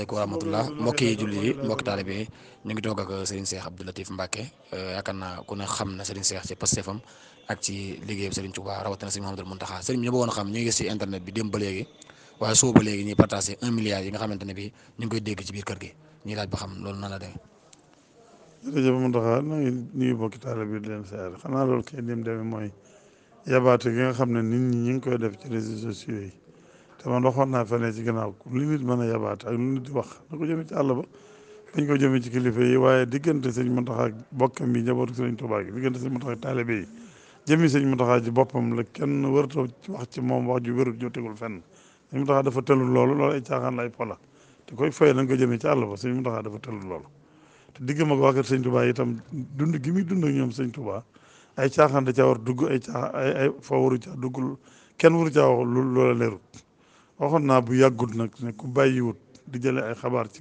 asalaamaaleykum wa rahmatullah mbokki jullit yi mbokki taalibe yi ñu ngi toog ak Serigne Cheikh Abdou Latif Mbacke euh, yaakaar naa ku ñu waaye soo ba léegi ñuy partagé un milliard yi nga xamante ne bi ñu ngi koy dégg ci biir kër gi ñuy laaj ba xam loolu nan la demee. jërëjëf yi di xam ne nit ñi ñu ngi koy def ci réseaux sociaux yi te ndox waxoon naa feneen ci gannaaw li nit mën a yabaate ak lu nit di wax na ko jëmee ci àll ba bañ ko jëmee ci kilifa waaye diggante sëñ Muntaxa ak bokkam bi njabootu sëñ Tuubaa gi diggante sëñ Muntaxa ak taalibe yi jëmmi sëñ Muntaxa ci boppam la kenn wërtoo wax ci moom wax ju wérut joo tegul fenn sëñ Muntaxa dafa tëlul loolu loolu ay caaxaan la ay pola te koy fay nañ ko jëmee ci àll ba sëñ Muntaxa dafa tëlul loolu te diggam ak waa kër sëñ Tuubaa itam dund gi muy dund ak ñoom sëñ Tuubaa ay caaxaan da caa war dugg ay caaxaan ay ay fa waru caa duggul kenn waru caa wax lu loola leerut waxoon naa bu yàggut nag ne ku bàyyiwut di jële ay xabaar ci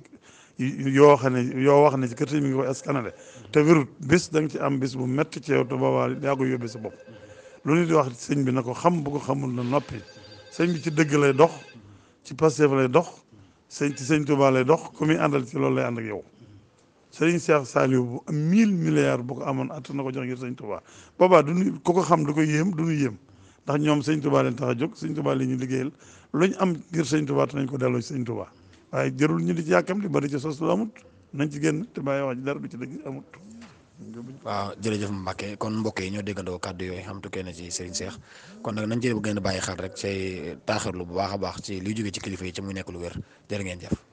yoo xam ne yoo wax ne ci kër mi ngi koy askanale te wérut bis da nga ci am bis bu mett ci yow te boobaa yaa ko yóbbee sa bopp lu nit di wax sëñ bi na ko xam bu ko xamul na noppi sëñ bi ci dëgg lay dox ci Pastef lay dox sëñ ci sëñ Tuubaa lay dox ku àndal ci loolu lay ànd ak yow sëriñ Cheikh Saliou bu am mille milliards bu ko amoon na ko jox ngir sëñ boobaa du ñu ku ko xam du ko yéem du ñu yéem ndax ñoom sëñ Touba leen tax a jóg sëñ Touba la ñu liggéeyal luñ am ngir sëñ Touba te nañ ko delloo ci sëñ Touba waaye jërul ñu di ci yàkkam di bari ci sos lu amut nañ ci génn te bàyyi wax ji dara du ci dëgg amut. waaw jërëjëf Mbacke kon mbokk yi ñoo déggandoo kàddu yooyu xam tukkee na ci Serigne Cheikh kon nag nañ ci gën a bàyyi xel rek say taaxirlu bu baax a baax ci liy jógee ci kilifa yi ci muy nekk lu weer jërë ngeen jëf